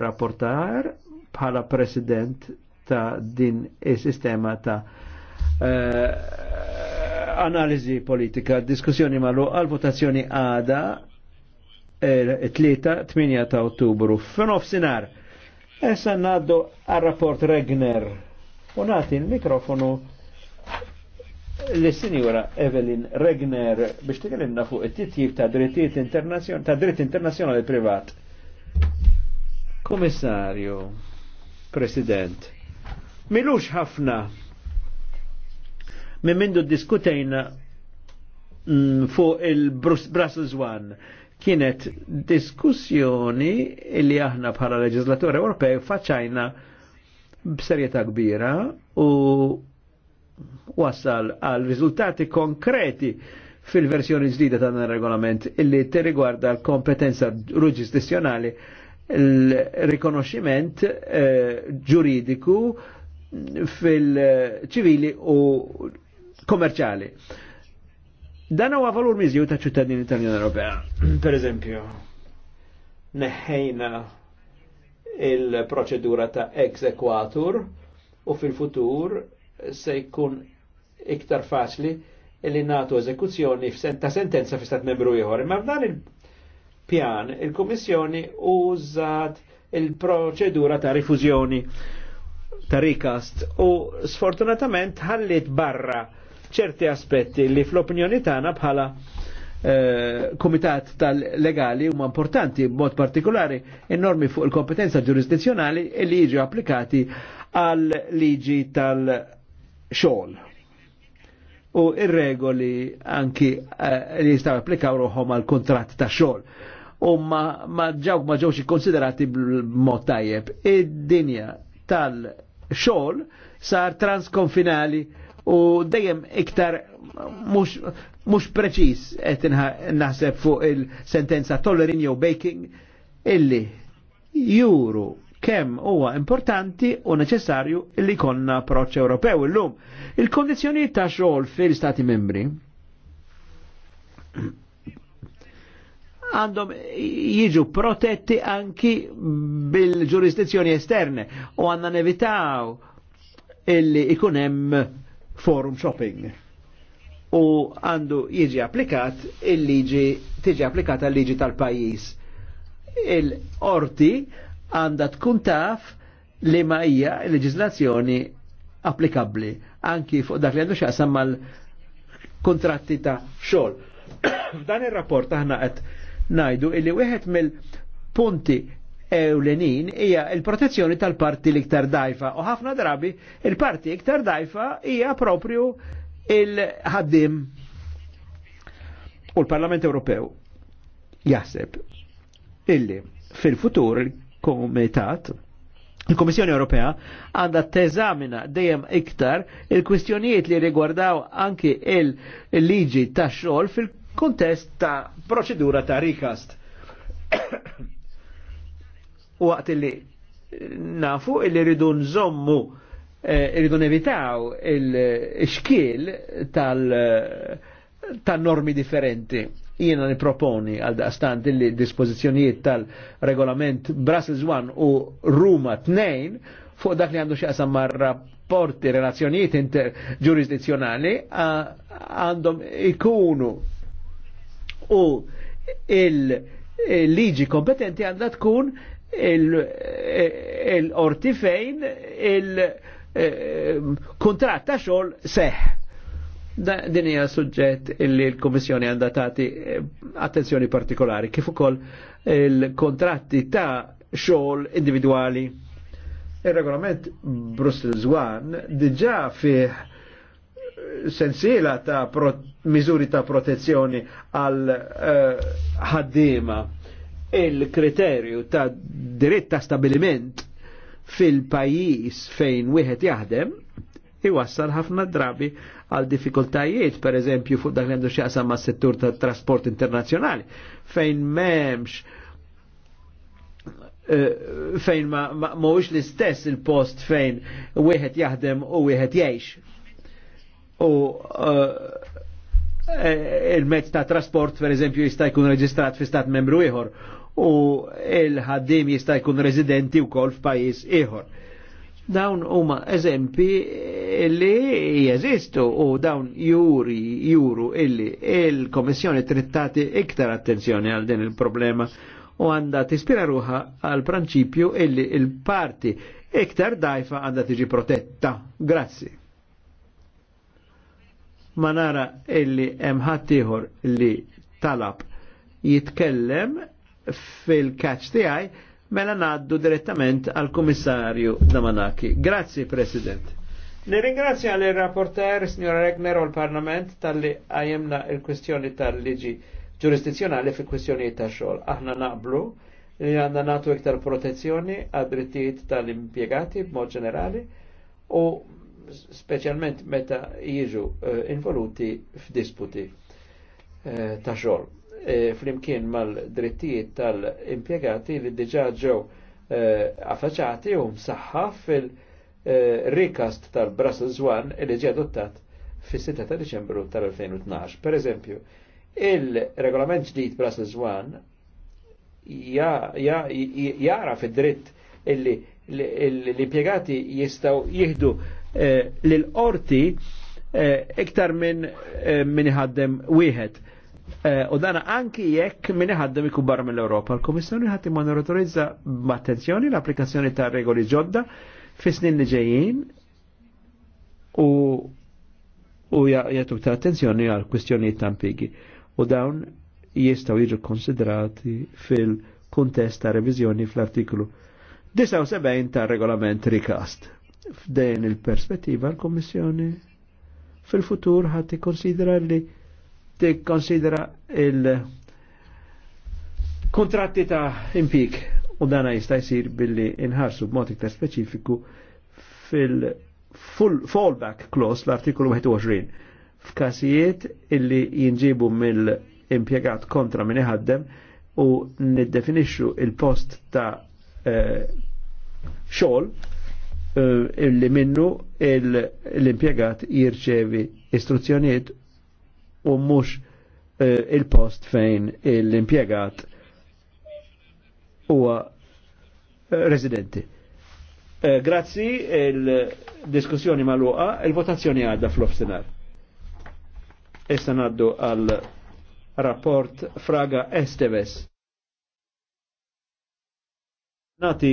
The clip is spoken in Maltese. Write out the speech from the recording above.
rapportar bħala president ta' din il-sistema ta' eh, analizi politika, diskussjoni malu għal-votazzjoni għada eh, 3-8 ta' ottubru. F'nof sinar, essa naddu għal-rapport Regner. Unati il-mikrofonu l-sinjura Evelyn Regner biex tkellimna fuq it-titjib ta' dritt internazjonali privat. Komissarju, President, milux ħafna minn mindu diskutejna mm, fuq il-Brussels One kienet diskussjoni li aħna bħala leġislatori Ewropej faċajna b'serjetà kbira u wassal għal riżultati konkreti fil-versjoni ġdida ta' regolament illi tirrigwarda l-kompetenza ruġistizzjonali il-rikonoxximent eh, ġuridiku fil-ċivili u komerċali. Dan huwa valur miżju ta' ċittadini tal-Unjoni Ewropea. Per eżempju, neħejna il-proċedura ta' exekwatur u fil-futur se jkun iktar faċli li nagħtu eżekuzzjoni ta' sentenza fi stat membru ieħor. Imma f'dan pjan, il-Komissjoni użat il-proċedura ta' rifużjoni ta' rikast u sfortunatament ħallit barra ċerti aspetti li fl-opinjoni tagħna bħala eh, komitat tal-legali huma importanti b'mod partikolari enormi fuq il-kompetenza ġurisdizzjonali li jiġu applikati għal liġi tal-xogħol u ir-regoli anki eh, li jistaw applikaw ruħom għal kontrat ta' xogħol. U ma ġaw ma ġewx konsiderati b'mod tajjeb. Id-dinja tal-xogħol sar transkonfinali u dejjem iktar mhux mux preċis qed naħseb fuq il-sentenza tollerin jew Baking illi juru kemm huwa importanti u neċessarju li konna approċċ Ewropew illum. Il-kondizzjonijiet ta' xogħol fil-Stati membri għandhom jiġu protetti anki bil-ġurisdizzjoni esterne u għanna nevitaw illi ikunem forum shopping u għandu jiġi applikat il-liġi tiġi applikata l-liġi tal-pajis il-orti għandha tkun taf li ma hija leġislazzjoni applikabbli anki fuq dak li għandu xaqsam mal-kontratti ta' xogħol. F'dan ir-rapport aħna qed ngħidu illi wieħed mill-punti ewlenin hija l protezzjoni tal-parti l-iktar dajfa u ħafna drabi il-parti iktar dajfa hija propju il-ħaddim u l-Parlament Ewropew jaħseb illi fil-futur komitat Il-Komissjoni Ewropea għandha teżamina dejjem iktar il-kwistjonijiet li rigwardaw anki il-liġi ta' xogħol fil kuntest ta' proċedura ta' rikast. Waqt li nafu li rridu nżommu eh, rridu nevitaw il-xkiel tal-normi eh, differenti jiena niproponi għal daqstan dilli dispozizjonijiet tal-regolament Brussels 1 u Ruma 2 fuq dak li għandu xaqsam ma' rapporti relazzjonijiet interġurisdizjonali għandhom ikunu u il-liġi kompetenti għandha tkun il ortifejn il-kontrat eh, eh, ta' xogħol seħħ din hija suġġett illi l-Kummissjoni għandha tagħti eh, attenzjoni partikolari kif ukoll il-kontratti ta' xogħol individwali. Ir-regolament Brussel Zwan diġà fih sensiela ta' miżuri ta' protezzjoni għal eh, ħaddiema il-kriterju ta' dritt ta' stabiliment fil pajjiż fejn wieħed jaħdem iwassal ħafna drabi għal diffikultajiet, per eżempju, fuq dak għandu xieqsam ma' settur ta' trasport internazjonali, fejn memx eh, fejn ma, ma, ma l-istess il-post fejn wieħed jaħdem u wieħed jgħix. U eh, eh, il-mezz ta' trasport, per eżempju, jista' jkun reġistrat fi stat membru ieħor u il-ħaddim jista' jkun residenti wkoll f'pajjiż ieħor Dawn huma eżempi li jeżistu u dawn juri juru illi il-Komissjoni trittati iktar attenzjoni għal din il-problema u għanda tispira ruħa għal prinċipju illi il-parti iktar dajfa għanda tiġi protetta. Grazzi. Ma nara illi emħattiħor li talab jitkellem fil-kaċ tijaj mela naddu direttament għal komissarju Damanaki. Grazzi, President. Nirringrazzja l il-rapporter, signora Regner, u l-Parlament tal-li għajemna il-kwestjoni tal-liġi ġurisdizzjonali fi kwestjoni ta' xogħol. Aħna naqblu li għandna natu iktar protezzjoni għad drittijiet tal-impjegati b'mod ġenerali u specialment meta jiġu uh, involuti f'disputi uh, ta' xogħol E, flimkien mal-drittijiet tal-impjegati li diġa ġew e, affaċati u msaħħa fil-rikast e, tal-Brussels 1 li ġi adottat fis-6 ta' Diċembru tal-2012. Per eżempju, il-regolament ġdid Brussels 1 jara fid-dritt illi l-impjegati jistaw jihdu l qorti iktar minn minn ħaddem wieħed Eh, u dana anki jekk ħadda ħaddem ikun barra mill-Europa, l-Komissjoni ħadd monitorizza b'attenzjoni l-applikazzjoni ta' regoli ġodda fi snin ġejjin u u ta' attenzjoni għal kwistjonijiet ta' impigi. U dawn jistgħu jiġu konsiderati fil kontest ta' revizjoni fl-artiklu 79 ta' regolament rikast. F'dejn il-perspettiva l-Komissjoni fil-futur ħadd li tikkonsidra il-kontratti ta' impik u dana jista' jsir billi inħarsu b'mod iktar speċifiku fil-full fallback clause l-artikolu 21 f'kasijiet illi jinġibu mill-impjegat kontra minn iħaddem u niddefinixxu il-post ta' eh, xogħol eh, illi minnu l-impjegat jirċevi istruzzjonijiet u mhux eh, il-post fejn l-impjegat huwa eh, residenti. Eh, grazzi il-diskussjoni mal il-votazzjoni għadda fl ofsenar Issa naddu għal rapport Fraga Esteves. Nati